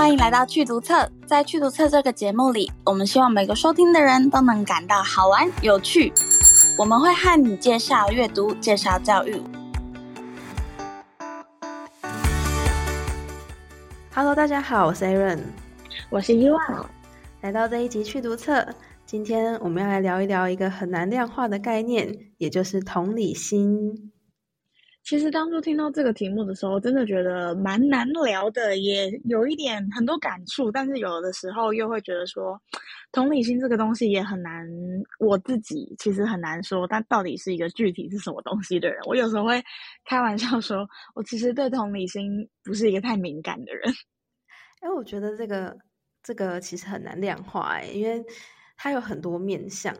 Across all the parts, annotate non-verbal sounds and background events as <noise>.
歡迎來到趣讀冊，在趣讀冊這個節目裡，我們希望每個收聽的人都能感到好玩有趣。我們會和你介紹閱讀，介紹教育。Hello，大家好，我是 Aaron，我是 Yuan，來到這一集趣讀冊，今天我們要來聊一聊一個很難量化的概念，也就是同理心。其實當初聽到這個題目的時候，真的覺得蠻難聊的，也有一點很多感觸，但是有的時候又會覺得說，同理心這個東西也很難，我自己其實很難說，但到底是一個具體是什麼東西的人，我有時候會開玩笑說，我其實對同理心不是一個太敏感的人。欸，我覺得這個這個其實很難量化欸，因為它有很多面向。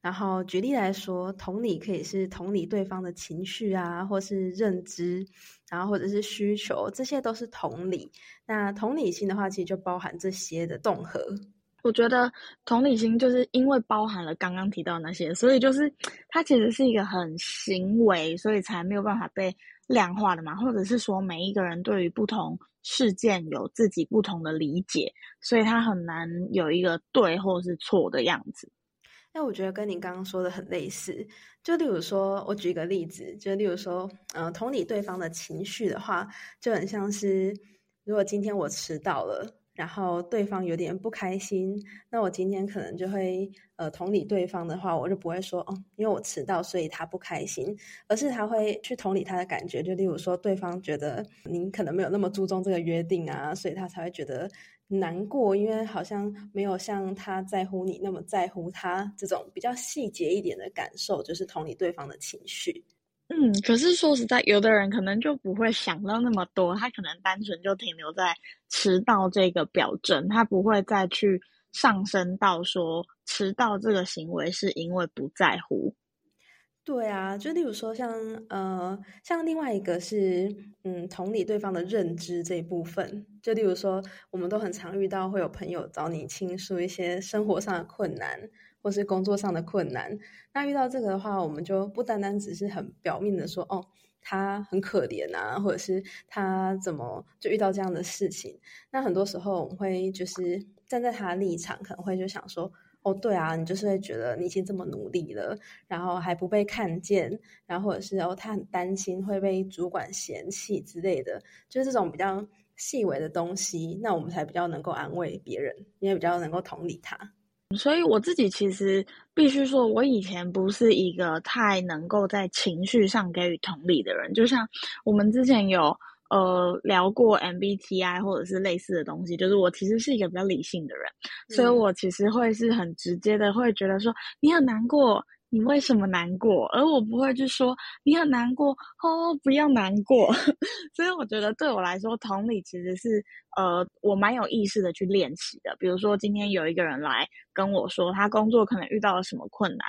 然後舉例來說，同理可以是同理對方的情緒啊，或是認知，然後或者是需求，這些都是同理。那同理心的話，其實就包含這些的動和。我覺得同理心就是因為包含了剛剛提到那些，所以就是它其實是一個很行為，所以才沒有辦法被量化的嘛。或者是說，每一個人對於不同事件有自己不同的理解，所以它很難有一個對或是錯的樣子。那我覺得跟您剛剛說的很類似，就例如說，我舉一個例子，就例如說，呃，同理對方的情緒的話，就很像是，如果今天我遲到了，然後對方有點不開心，那我今天可能就會，呃，同理對方的話，我就不會說，哦，因為我遲到，所以他不開心，而是他會去同理他的感覺，就例如說，對方覺得您可能沒有那麼注重這個約定啊，所以他才會覺得。難過，因為好像沒有像他在乎你那麼在乎他這種比較細節一點的感受，就是同理對方的情緒。嗯，可是說實在，有的人可能就不會想到那麼多，他可能單純就停留在遲到這個表徵，他不會再去上升到說遲到這個行為是因為不在乎。對啊，就例如說像呃，像另外一個是，嗯，同理對方的認知這一部分。就例如說，我們都很常遇到會有朋友找你傾訴一些生活上的困難，或是工作上的困難。那遇到這個的話，我們就不單單只是很表面的說，哦，他很可憐啊，或者是他怎麼就遇到這樣的事情。那很多時候，我們會就是站在他的立場，可能會就想說。哦，對啊，你就是會覺得，你已經這麼努力了，然後還不被看見，然後或者是哦，他很擔心會被主管嫌棄之類的，就是這種比較細微的東西，那我們才比較能夠安慰別人，也比較能夠同理他。所以我自己其實必須說，我以前不是一個太能夠在情緒上給予同理的人，就像我們之前有。呃，聊過 MBTI 或者是類似的東西，就是我其實是一個比較理性的人，嗯、所以我其實會是很直接的，會覺得說你很難過，你為什麼難過？而我不會去說你很難過哦，不要難過。 <laughs> 所以我覺得對我來說，同理其實是。呃，我蠻有意識的去練習的。比如說，今天有一個人來跟我說，他工作可能遇到了什麼困難，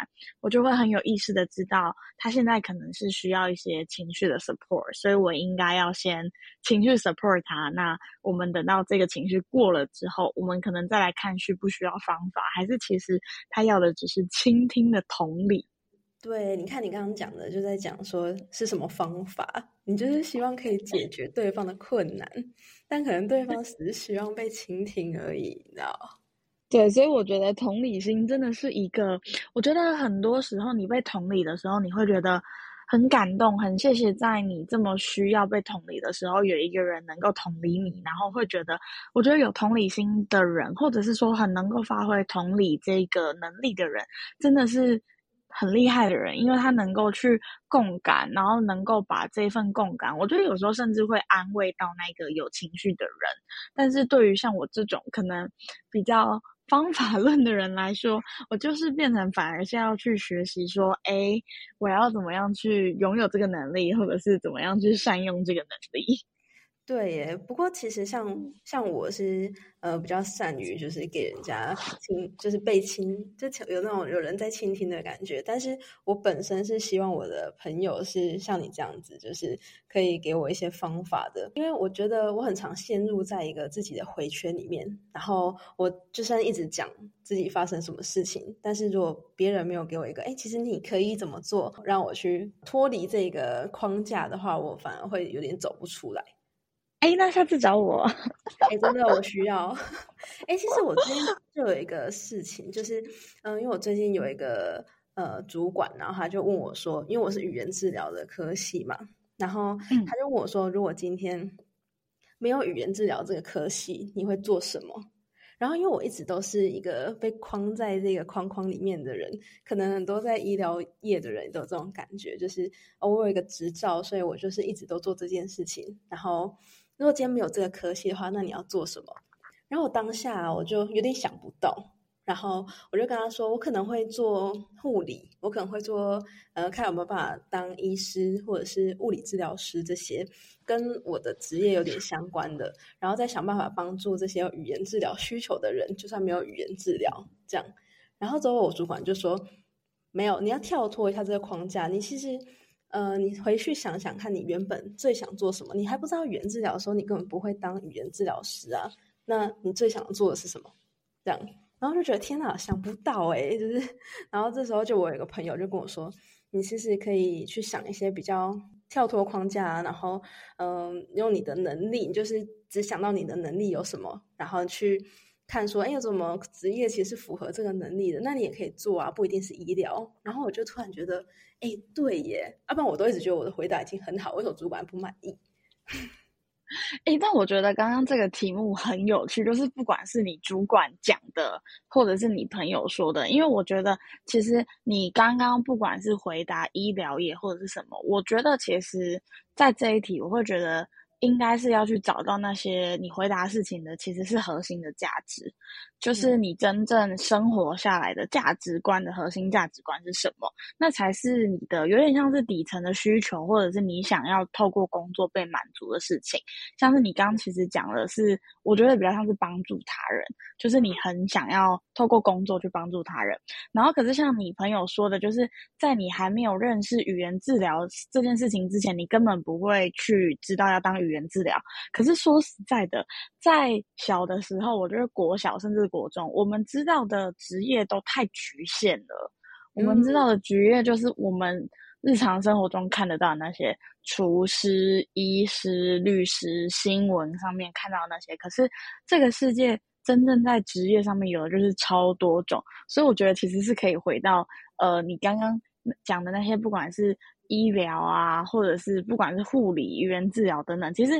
我就會很有意識的知道，他現在可能是需要一些情緒的 support，所以我應該要先情緒 support 他。那我們等到這個情緒過了之後，我們可能再來看需不需要方法，還是其實他要的只是傾聽的同理。對，你看你剛剛講的，就在講說是什麼方法，你就是希望可以解決對方的困難，但可能對方只是希望被傾聽而已，你知道嗎？對，所以我覺得同理心真的是一個，我覺得很多時候你被同理的時候，你會覺得很感動，很謝謝在你這麼需要被同理的時候，有一個人能夠同理你，然後會覺得，我覺得有同理心的人，或者是說很能夠發揮同理這個能力的人，真的是。很厲害的人，因為他能夠去共感，然後能夠把這份共感，我覺得有時候甚至會安慰到那個有情緒的人。但是對於像我這種可能比較方法論的人來說，我就是變成反而是要去學習說，誒，我要怎麼樣去擁有這個能力，或者是怎麼樣去善用這個能力。對耶，不過其實像像我是呃比較善於就是給人家聽，就是被傾，就有那種有人在傾聽的感覺。但是我本身是希望我的朋友是像你這樣子，就是可以給我一些方法的，因為我覺得我很常陷入在一個自己的迴圈裡面，然後我就算一直講自己發生什麼事情，但是如果別人沒有給我一個，哎，其實你可以怎麼做，讓我去脫離這個框架的話，我反而會有點走不出來。哎、欸，那下次找我。哎、 <laughs> 欸，真的，我需要。哎、欸，其實我今天就有一個事情，就是，嗯，因為我最近有一個呃主管，然後他就問我說，因為我是語言治療的科系嘛，然後他就問我說，嗯、如果今天沒有語言治療這個科系，你會做什麼？然後因為我一直都是一個被框在這個框框裡面的人，可能很多在醫療業的人都有這種感覺，就是偶、哦、我有一個執照，所以我就是一直都做這件事情，然後。如果今天沒有這個科系的話，那你要做什麼？然後我當下我就有點想不到，然後我就跟他說，我可能會做護理，我可能會做呃，看有沒有辦法當醫師或者是物理治療師這些跟我的職業有點相關的，然後再想辦法幫助這些有語言治療需求的人，就算沒有語言治療這樣。然後之後我主管就說，沒有，你要跳脫一下這個框架，你其實。呃，你回去想想看，你原本最想做什麼？你還不知道語言治療的時候，你根本不會當語言治療師啊。那你最想做的是什麼？這樣，然後就覺得天吶想不到哎、欸，就是。然後這時候就我有一個朋友就跟我說，你其實可以去想一些比較跳脫框架、啊，然後嗯、呃，用你的能力，你就是只想到你的能力有什麼，然後去。看說，誒，有什麼職業其實符合這個能力的？那你也可以做啊，不一定是醫療。然後我就突然覺得，哎，對耶，要不然我都一直覺得我的回答已經很好，為什麼主管不滿意？哎，但我覺得剛剛這個題目很有趣，就是不管是你主管講的，或者是你朋友說的，因為我覺得其實你剛剛不管是回答醫療業或者是什麼，我覺得其實，在這一題，我會覺得。應該是要去找到那些你回答事情的其實是核心的價值，就是你真正生活下來的價值觀的核心價值觀是什麼，那才是你的有點像是底層的需求，或者是你想要透過工作被滿足的事情，像是你剛剛其實講的是，我覺得比較像是幫助他人，就是你很想要透過工作去幫助他人。然後可是像你朋友說的，就是在你還沒有認識語言治療這件事情之前，你根本不會去知道要當語。語言治療，可是說實在的，在小的時候，我覺得國小甚至國中，我們知道的職業都太侷限了。嗯、我們知道的職業，就是我們日常生活中看得到的那些，廚師、醫師、律師、新聞上面看到的那些。可是這個世界真正在職業上面有的就是超多種，所以我覺得其實是可以回到呃，你剛剛講的那些，不管是。醫療啊，或者是不管是護理、醫院治療等等，其實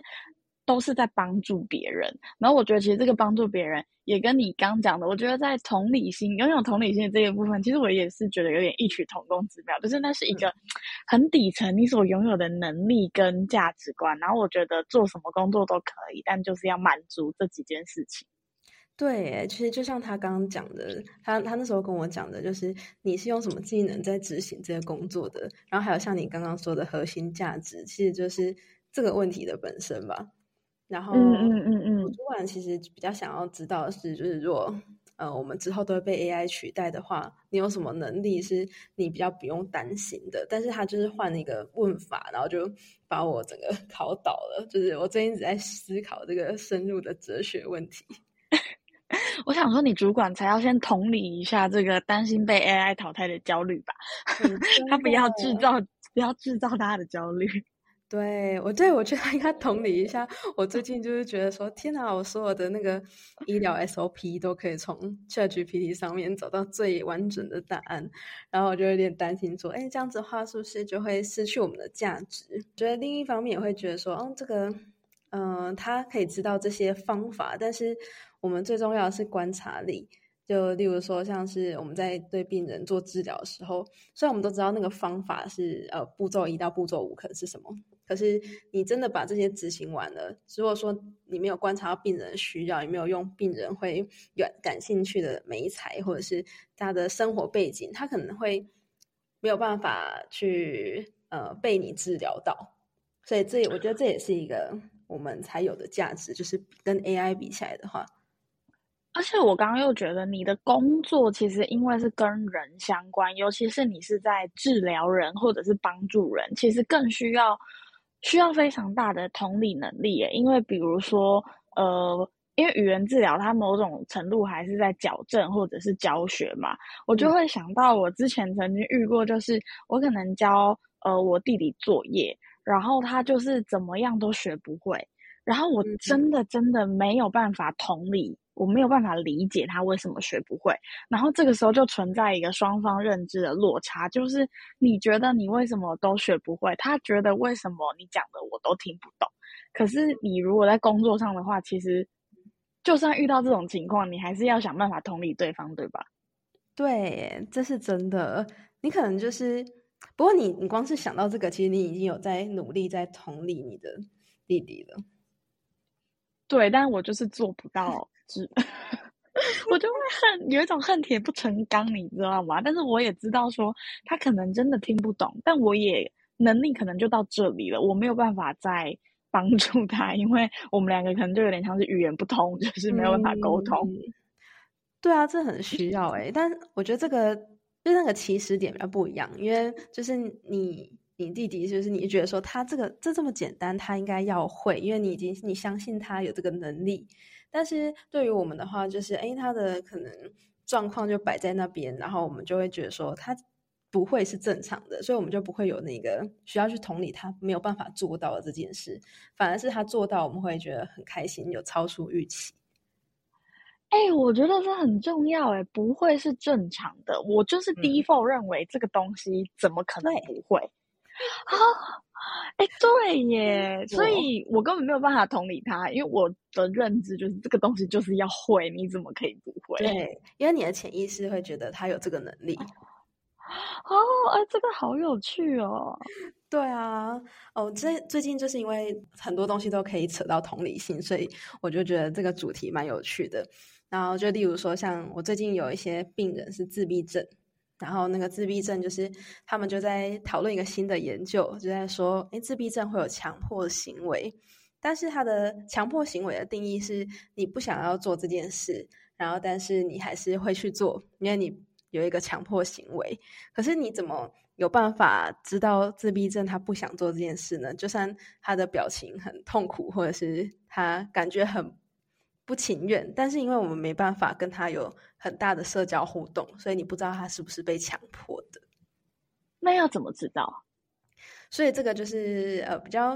都是在幫助別人。然後我覺得，其實這個幫助別人也跟你剛講的，我覺得在同理心、擁有同理心的這一部分，其實我也是覺得有點異曲同工之妙。就是那是一個很底層你所擁有的能力跟價值觀。然後我覺得做什麼工作都可以，但就是要滿足這幾件事情。對，其實就像他剛剛講的，他他那時候跟我講的，就是你是用什麼技能在執行這些工作的，然後還有像你剛剛說的核心價值，其實就是這個問題的本身吧。然後，嗯嗯嗯，我昨晚其實比較想要知道的是，就是說，呃，我們之後都會被 AI 取代的話，你有什麼能力是你比較不用擔心的？但是他就是換了一個問法，然後就把我整個考倒了。就是我最近一直在思考這個深入的哲學問題。我想說，你主管才要先同理一下這個擔心被 AI 淘汰的焦慮吧， <laughs> 他不要製造，不要製造他的焦慮。對，我對我覺得應該同理一下。我最近就是覺得說，天哪，我所有的那個醫療 SOP 都可以從 ChatGPT 上面找到最完整的答案， <laughs> 然後我就有點擔心說，誒這樣子的話是不是就會失去我們的價值？覺得另一方面也會覺得說，嗯，這個，嗯、呃，他可以知道這些方法，但是。我們最重要的是觀察力，就例如說，像是我們在對病人做治療的時候，雖然我們都知道那個方法是呃步驟一到步驟五可能是什麼，可是你真的把這些執行完了，如果說你沒有觀察到病人的需要，也沒有用病人會感感興趣的媒材或者是他的生活背景，他可能會沒有辦法去呃被你治療到，所以這也我覺得這也是一個我們才有的價值，就是跟 AI 比起來的話。而且我剛剛又覺得你的工作其實因為是跟人相關，尤其是你是在治療人或者是幫助人，其實更需要需要非常大的同理能力誒。因為比如說，呃，因為語言治療它某種程度還是在矯正或者是教學嘛，我就會想到我之前曾經遇過，就是、嗯、我可能教呃我弟弟作業，然後他就是怎麼樣都學不會，然後我真的真的沒有辦法同理。嗯我沒有辦法理解他為什麼學不會，然後這個時候就存在一個雙方認知的落差，就是你覺得你為什麼都學不會，他覺得為什麼你講的我都聽不懂。可是你如果在工作上的話，其實就算遇到這種情況，你還是要想辦法同理對方，對吧？對，這是真的。你可能就是，不過你你光是想到這個，其實你已經有在努力在同理你的弟弟了。對，但我就是做不到。 <laughs> <laughs> 我就會恨，有一種恨鐵不成鋼，你知道嗎？但是我也知道說，說他可能真的聽不懂，但我也能力可能就到這裡了，我沒有辦法再幫助他，因為我們兩個可能就有點像是語言不通，就是沒有辦法溝通、嗯。對啊，這很需要誒、欸，但我覺得這個 <laughs> 就那個起始點比較不一樣，因為就是你，你弟弟就是你覺得說他這個這這麼簡單，他應該要會，因為你已經你相信他有這個能力。但是對於我們的話，就是誒他的可能狀況就擺在那邊，然後我們就會覺得說他不會是正常的，所以我們就不會有那個需要去同理他沒有辦法做到的這件事，反而是他做到，我們會覺得很開心，有超出預期。誒、欸、我覺得這很重要、欸，誒不會是正常的，我就是 default 認為這個東西怎麼可能不會啊？嗯 <laughs> 哎，對耶，我所以我根本沒有辦法同理他，因為我的認知就是這個東西就是要會，你怎麼可以不會？對，因為你的潛意識會覺得他有這個能力。啊、哦，哎、啊，這個好有趣哦。對啊，哦，這最近就是因為很多東西都可以扯到同理心，所以我就覺得這個主題蠻有趣的。然後就例如說，像我最近有一些病人是自閉症。然後那個自閉症就是他們就在討論一個新的研究，就在說，誒，自閉症會有強迫行為，但是他的強迫行為的定義是，你不想要做這件事，然後但是你還是會去做，因為你有一個強迫行為。可是你怎麼有辦法知道自閉症他不想做這件事呢？就算他的表情很痛苦，或者是他感覺很不情願，但是因為我們沒辦法跟他有很大的社交互動，所以你不知道他是不是被強迫的。那要怎麼知道？所以這個就是呃比較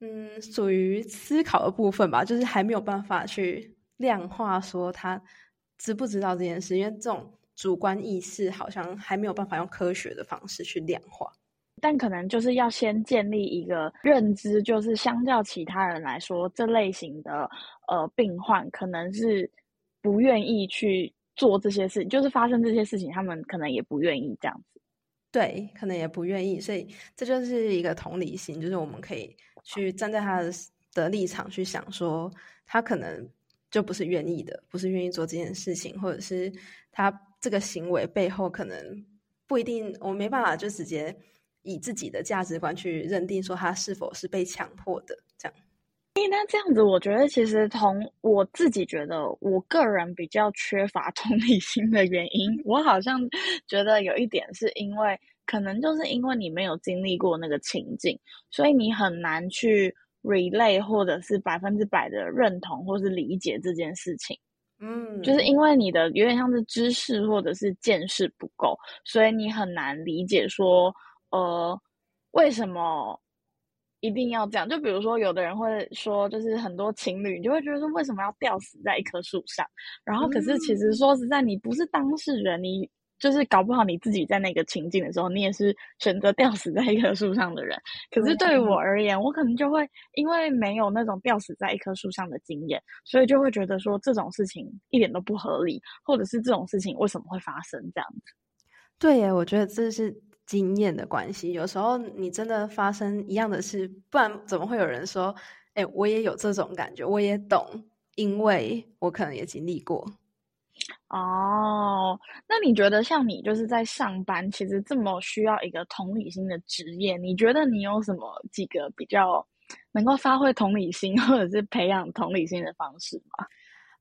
嗯，屬於思考的部分吧，就是還沒有辦法去量化說，他知不知道這件事，因為這種主觀意識好像還沒有辦法用科學的方式去量化。但可能就是要先建立一個認知，就是相較其他人來說，這類型的呃病患可能是不願意去做這些事，就是發生這些事情，他們可能也不願意這樣子。對，可能也不願意，所以這就是一個同理心，就是我們可以去站在他的立場去想，說他可能就不是願意的，不是願意做這件事情，或者是他這個行為背後可能不一定，我沒辦法就直接。以自己的價值觀去認定說他是否是被強迫的，這樣。那這樣子，我覺得其實從我自己覺得，我個人比較缺乏同理心的原因， <laughs> 我好像覺得有一點是因為，可能就是因為你沒有經歷過那個情境，所以你很難去 relate 或者是百分之百的認同或是理解這件事情。嗯，就是因為你的有點像是知識或者是見識不夠，所以你很難理解說。呃，為什麼一定要這樣？就比如說，有的人會說，就是很多情侶，你就會覺得說，為什麼要吊死在一棵樹上？然後，可是其實說實在，你不是當事人，你就是搞不好你自己在那個情境的時候，你也是選擇吊死在一棵樹上的人。可是對於我而言，我可能就會因為沒有那種吊死在一棵樹上的經驗，所以就會覺得說這種事情一點都不合理，或者是這種事情為什麼會發生這樣子？對耶，我覺得這是。經驗的關係，有時候你真的發生一樣的事，不然怎麼會有人說，哎、欸，我也有這種感覺，我也懂，因為我可能也經歷過。哦，oh, 那你覺得像你就是在上班，其實這麼需要一個同理心的職業，你覺得你有什麼幾個比較能夠發揮同理心，或者是培養同理心的方式嗎？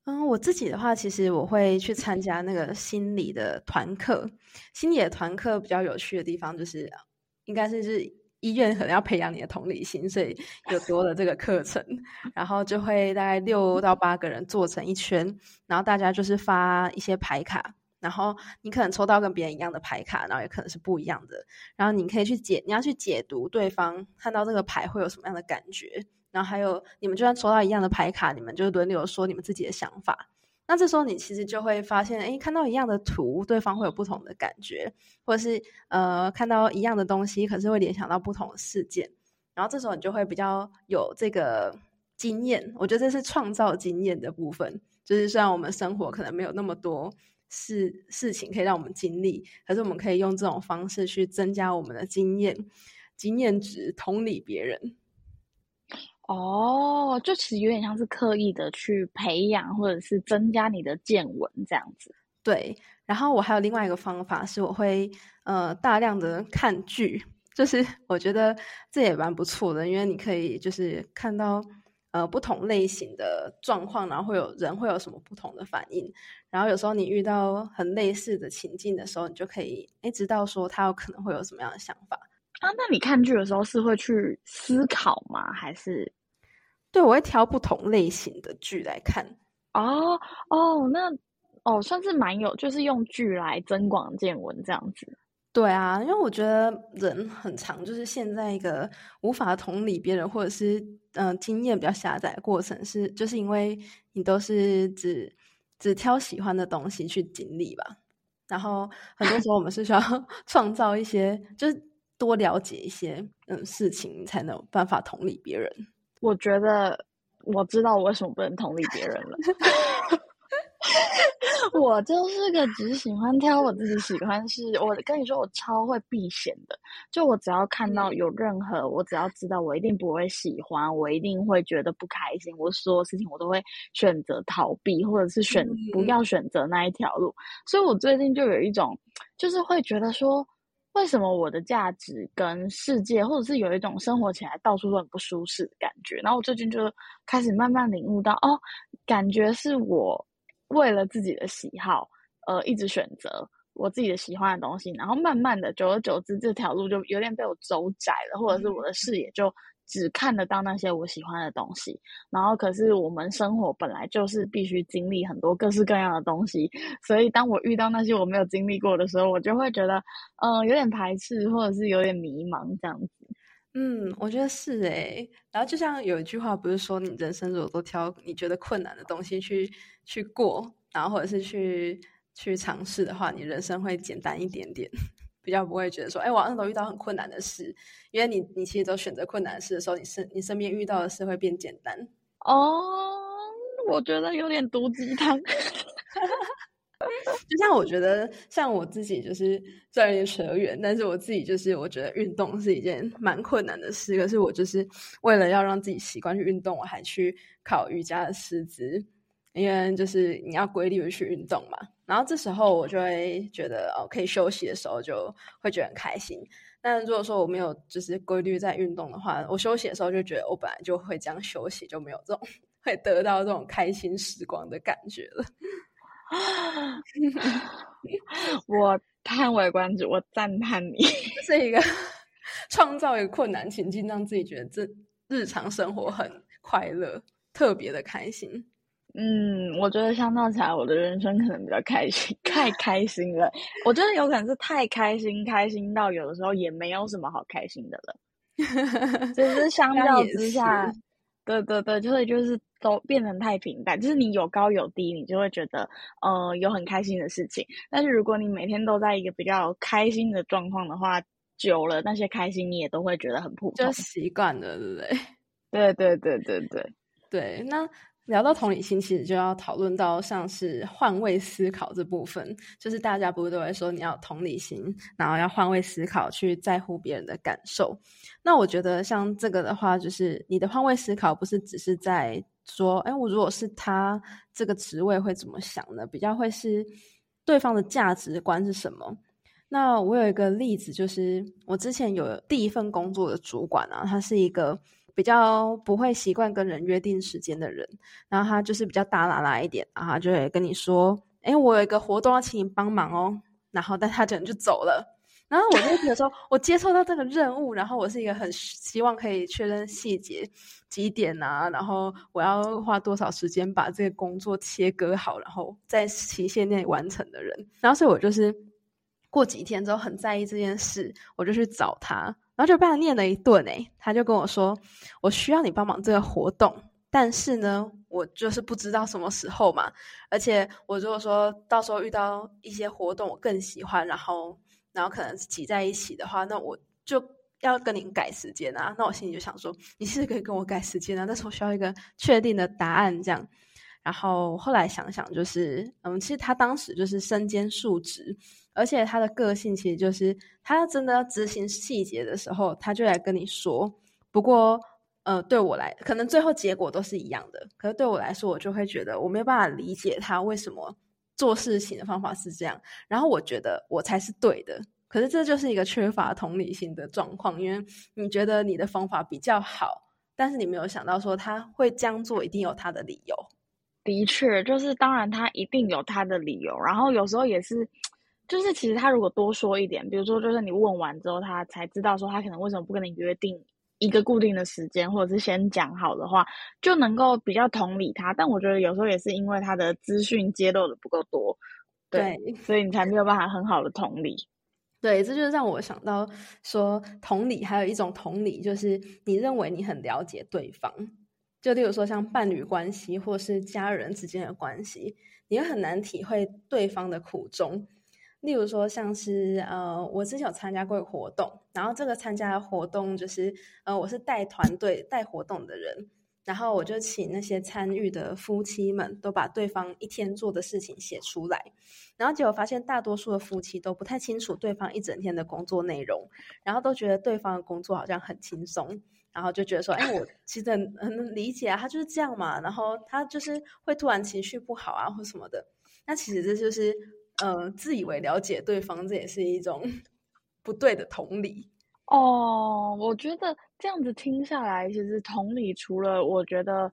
嗯，我自己的話，其實我會去參加那個心理的團課。心理的團課比較有趣的地方，就是應該是是醫院可能要培養你的同理心，所以有多了這個課程。 <laughs> 然後就會大概六到八個人坐成一圈，然後大家就是發一些牌卡，然後你可能抽到跟別人一樣的牌卡，然後也可能是不一樣的。然後你可以去解，你要去解讀對方看到這個牌會有什麼樣的感覺。然後還有，你們就算抽到一樣的牌卡，你們就輪流說你們自己的想法。那這時候你其實就會發現，誒，看到一樣的圖，對方會有不同的感覺，或者是呃，看到一樣的東西，可是會聯想到不同的事件。然後這時候你就會比較有這個經驗。我覺得這是創造經驗的部分。就是雖然我們生活可能沒有那麼多事事情可以讓我們經歷，可是我們可以用這種方式去增加我們的經驗、經驗值，同理別人。哦，oh, 就其實有點像是刻意的去培養，或者是增加你的見聞這樣子。對，然後我還有另外一個方法是，我會呃大量的看劇，就是我覺得這也蠻不錯的，因為你可以就是看到呃不同類型的狀況，然後會有人會有什麼不同的反應，然後有時候你遇到很類似的情境的時候，你就可以哎知道說他有可能會有什麼樣的想法。啊，那你看劇的時候是會去思考嗎？還是？對，我會挑不同類型的劇來看。哦哦，那哦算是蠻有，就是用劇來增廣見聞這樣子。對啊，因為我覺得人很長，就是現在一個無法同理別人，或者是嗯、呃、經驗比較狹窄的過程是，是就是因為你都是只只挑喜歡的東西去經歷吧。然後很多時候我們是需要創造一些，就是。多了解一些嗯事情，才能有辦法同理別人。我覺得我知道我為什麼不能同理別人了， <laughs> <laughs> 我就是個只喜歡挑我自己喜歡的事。我跟你說，我超會避險的。就我只要看到有任何，嗯、我只要知道我一定不會喜歡，我一定會覺得不開心。我所有事情我都會選擇逃避，或者是選、嗯、不要選擇那一條路。所以，我最近就有一種就是會覺得說。為什麼我的價值跟世界，或者是有一種生活起來到處都很不舒適的感覺？然後我最近就開始慢慢領悟到，哦，感覺是我為了自己的喜好，呃，一直選擇我自己的喜歡的東西，然後慢慢的，久而久之，這條路就有點被我走窄了，或者是我的視野就。只看得到那些我喜歡的東西，然後可是我們生活本來就是必須經歷很多各式各樣的東西，所以當我遇到那些我沒有經歷過的時候，我就會覺得，嗯、呃，有點排斥或者是有點迷茫這樣子。嗯，我覺得是誒、欸。然後就像有一句話不是說，你人生如果都挑你覺得困難的東西去去過，然後或者是去去嘗試的話，你人生會簡單一點點。比較不會覺得說，哎、欸，我都遇到很困難的事，因為你你其實都選擇困難的事的時候，你身你身邊遇到的事會變簡單。哦，oh, 我覺得有點毒雞湯。 <laughs> <laughs> 就像我覺得，像我自己就是雖然扯遠，但是我自己就是我覺得運動是一件蠻困難的事，可是我就是為了要讓自己習慣，去運動，我還去考瑜伽的師資。因為就是你要規律去運動嘛，然後這時候我就會覺得哦，可以休息的時候就會覺得很開心。但如果說我沒有就是規律在運動的話，我休息的時候就覺得我本來就會這樣休息，就沒有這種會得到這種開心時光的感覺了。 <laughs> 我嘆為觀止，我讚嘆你 <laughs> 這一個創造一個困難情境，讓自己覺得這日常生活很快樂，特別的開心。嗯，我覺得相較起來，我的人生可能比較開心，太開心了。 <laughs> 我覺得有可能是太開心，開心到有的時候也沒有什麼好開心的了。哈，就是相較之下，對對對，就是就是都變成太平淡。就是你有高有低，你就會覺得嗯、呃，有很開心的事情。但是如果你每天都在一個比較開心的狀況的話，久了那些開心你也都會覺得很普通，就習慣了，對不對？對對對對對對，對那。聊到同理心，其實就要討論到像是換位思考這部分。就是大家不是都會說你要同理心，然後要換位思考去在乎別人的感受。那我覺得像這個的話，就是你的換位思考不是只是在說“哎，我如果是他這個職位會怎麼想呢？”比較會是對方的價值觀是什麼。那我有一個例子，就是我之前有第一份工作的主管啊，他是一個。比較不會習慣跟人約定時間的人，然後他就是比較大剌剌一點，啊，就會跟你說：“哎、欸，我有一個活動要請你幫忙哦。”然後，但他可能就走了。然後我就覺得說 <laughs> 我接受到這個任務，然後我是一個很希望可以確認細節幾點啊，然後我要花多少時間把這個工作切割好，然後在期限內完成的人。然後，所以我就是過幾天之後很在意這件事，我就去找他。然後就被他念了一頓誒，他就跟我說：“我需要你幫忙這個活動，但是呢，我就是不知道什麼時候嘛。而且我如果說到時候遇到一些活動，我更喜歡，然後然後可能擠在一起的話，那我就要跟你改時間啊。那我心裡就想說，你是可以跟我改時間啊，但是我需要一個確定的答案這樣。然後後來想想，就是嗯，其實他當時就是身兼數職。”而且他的個性其實就是，他真的要執行細節的時候，他就來跟你說。不過，呃，對我來，可能最後結果都是一樣的。可是對我來說，我就會覺得我沒有辦法理解他為什麼做事情的方法是這樣，然後我覺得我才是對的。可是這就是一個缺乏同理心的狀況，因為你覺得你的方法比較好，但是你沒有想到說他會這樣做一定有他的理由。的確，就是當然他一定有他的理由。然後有時候也是。就是其實他如果多說一點，比如說就是你問完之後，他才知道說他可能為什麼不跟你約定一個固定的時間，或者是先講好的話，就能夠比較同理他。但我覺得有時候也是因為他的資訊揭露的不夠多，對，對，所以你才沒有辦法很好的同理。對，這就是讓我想到說同理還有一種同理，就是你認為你很了解對方，就例如說像伴侶關係或是家人之間的關係，你也很難體會對方的苦衷。例如說，像是呃，我之前有參加過一個活動，然後這個參加的活動就是，呃，我是帶團隊帶活動的人，然後我就請那些參與的夫妻們都把對方一天做的事情寫出來，然後結果發現大多數的夫妻都不太清楚對方一整天的工作內容，然後都覺得對方的工作好像很輕鬆，然後就覺得說，哎，我其實很理解啊，他就是這樣嘛，然後他就是會突然情緒不好啊或什麼的，那其實這就是。嗯、呃，自以為了解對方，這也是一種不對的同理哦。Oh, 我覺得這樣子聽下來，其實同理除了我覺得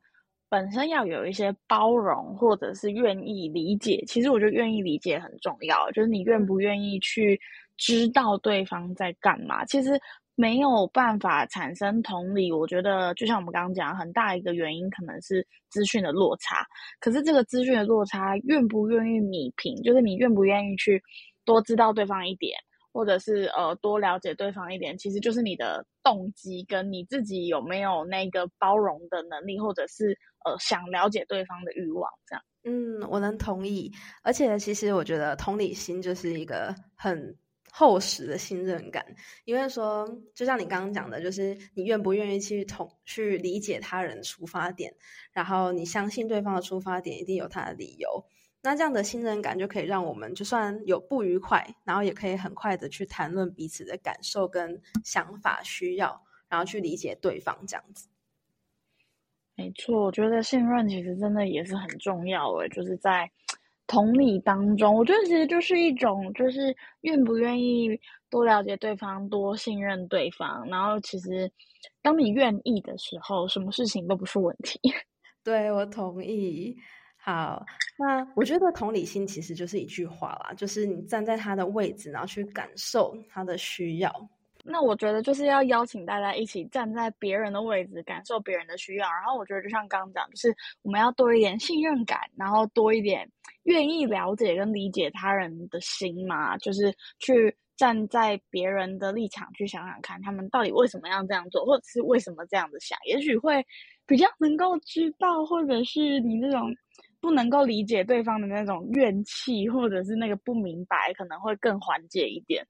本身要有一些包容，或者是願意理解，其實我覺得願意理解很重要，就是你願不願意去知道對方在幹嘛，其實。沒有辦法產生同理，我覺得就像我們剛剛講，很大一個原因可能是資訊的落差。可是這個資訊的落差，願不願意弭平，就是你願不願意去多知道對方一點，或者是呃多了解對方一點，其實就是你的動機跟你自己有沒有那個包容的能力，或者是呃想了解對方的慾望，這樣。嗯，我能同意。而且其實我覺得同理心就是一個很。厚實的信任感，因為說，就像你剛剛講的，就是你願不願意去同去理解他人的出發點，然後你相信對方的出發點一定有他的理由，那這樣的信任感就可以讓我們就算有不愉快，然後也可以很快的去談論彼此的感受跟想法、需要，然後去理解對方這樣子。沒錯，我覺得信任其實真的也是很重要的、欸、就是在。同理當中，我覺得其實就是一種，就是願不願意多了解對方，多信任對方。然後，其實當你願意的時候，什麼事情都不是問題。對，我同意。好，那我覺得同理心其實就是一句話啦，就是你站在他的位置，然後去感受他的需要。那我覺得就是要邀請大家一起站在別人的位置，感受別人的需要。然後我覺得就像剛剛講，就是我們要多一點信任感，然後多一點願意了解跟理解他人的心嘛。就是去站在別人的立場去想想看，他們到底為什麼要這樣做，或者是為什麼這樣子想，也許會比較能夠知道，或者是你那種不能夠理解對方的那種怨氣，或者是那個不明白，可能會更緩解一點。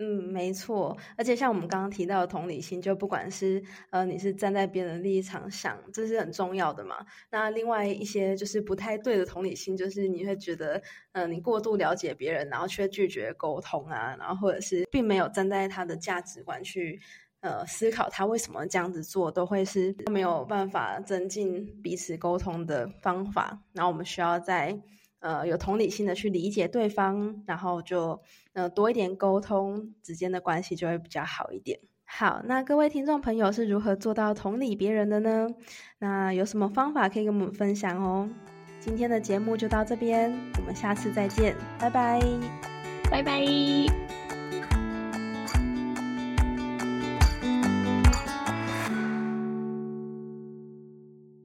嗯，沒錯，而且像我們剛剛提到的同理心，就不管是呃，你是站在別人的立場想，這是很重要的嘛。那另外一些就是不太對的同理心，就是你會覺得，嗯、呃，你過度了解別人，然後卻拒絕溝通啊，然後或者是並沒有站在他的價值觀去呃思考他為什麼這樣子做，都會是沒有辦法增進彼此溝通的方法。然後我們需要在。呃，有同理心的去理解對方，然後就呃多一點溝通，之間的關係就會比較好一點。好，那各位聽眾朋友是如何做到同理別人的呢？那有什麼方法可以跟我們分享哦？今天的節目就到這邊，我們下次再見，拜拜，拜拜。